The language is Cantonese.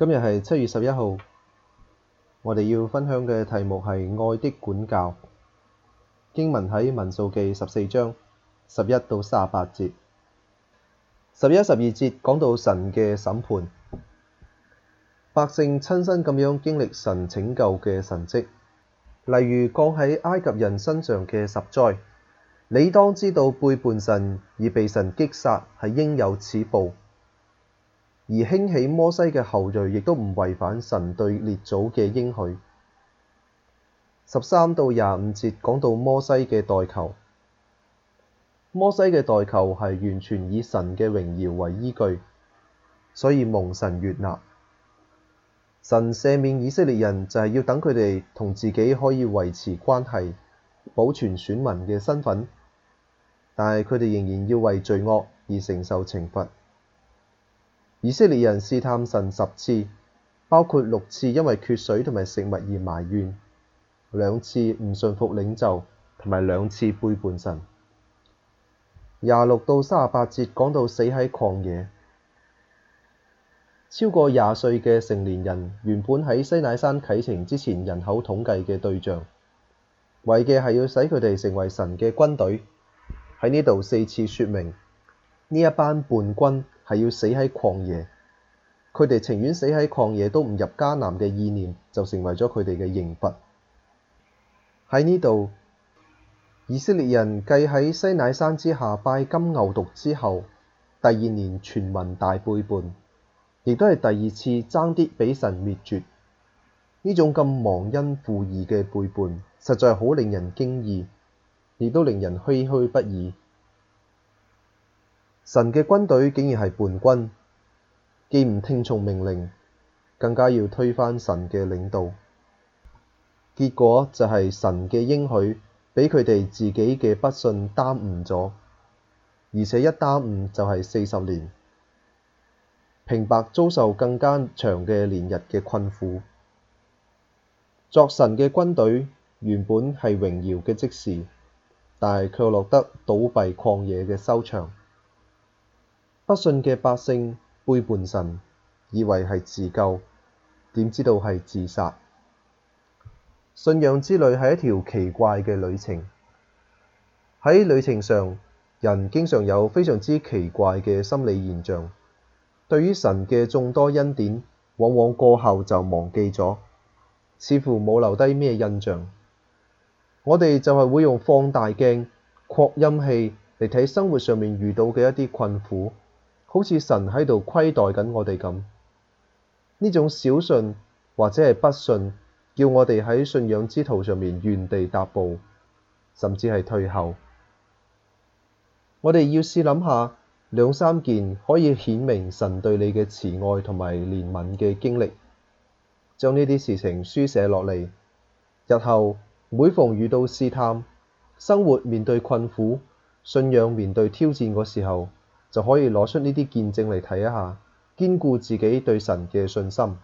今日係七月十一號，我哋要分享嘅題目係《愛的管教》。經文喺《民數記》十四章十一到三十八節，十一、十二節講到神嘅審判，百姓親身咁樣經歷神拯救嘅神蹟，例如降喺埃及人身上嘅十災。你當知道背叛神而被神擊殺，係應有此報。而興起摩西嘅後裔，亦都唔違反神對列祖嘅應許。十三到廿五節講到摩西嘅代求，摩西嘅代求係完全以神嘅榮耀為依據，所以蒙神悅納。神赦免以色列人，就係要等佢哋同自己可以維持關係，保存選民嘅身份，但係佢哋仍然要為罪惡而承受懲罰。以色列人試探神十次，包括六次因為缺水同埋食物而埋怨，兩次唔信服領袖，同埋兩次背叛神。廿六到三十八節講到死喺曠野，超過廿歲嘅成年人，原本喺西乃山啟程之前人口統計嘅對象，為嘅係要使佢哋成為神嘅軍隊。喺呢度四次說明呢一班叛軍。係要死喺曠野，佢哋情願死喺曠野都唔入迦南嘅意念，就成為咗佢哋嘅刑罰。喺呢度，以色列人繼喺西乃山之下拜金牛犢之後，第二年全民大背叛，亦都係第二次爭啲俾神滅絕。呢種咁忘恩負義嘅背叛，實在好令人驚異，亦都令人唏噓不已。神嘅軍隊竟然係叛軍，既唔聽從命令，更加要推翻神嘅領導。結果就係神嘅應許俾佢哋自己嘅不信耽誤咗，而且一耽誤就係四十年，平白遭受更加長嘅年日嘅困苦。作神嘅軍隊原本係榮耀嘅職事，但係卻落得倒閉曠野嘅收場。不信嘅百姓背叛神，以為係自救，點知道係自殺。信仰之旅係一條奇怪嘅旅程。喺旅程上，人經常有非常之奇怪嘅心理現象。對於神嘅眾多恩典，往往過後就忘記咗，似乎冇留低咩印象。我哋就係會用放大鏡、擴音器嚟睇生活上面遇到嘅一啲困苦。好似神喺度虧待緊我哋咁，呢種小信或者係不信，叫我哋喺信仰之途上面原地踏步，甚至係退後。我哋要試諗下兩三件可以顯明神對你嘅慈愛同埋憐憫嘅經歷，將呢啲事情書寫落嚟。日後每逢遇到試探、生活面對困苦、信仰面對挑戰嗰時候，就可以攞出呢啲見證嚟睇一下，堅固自己對神嘅信心。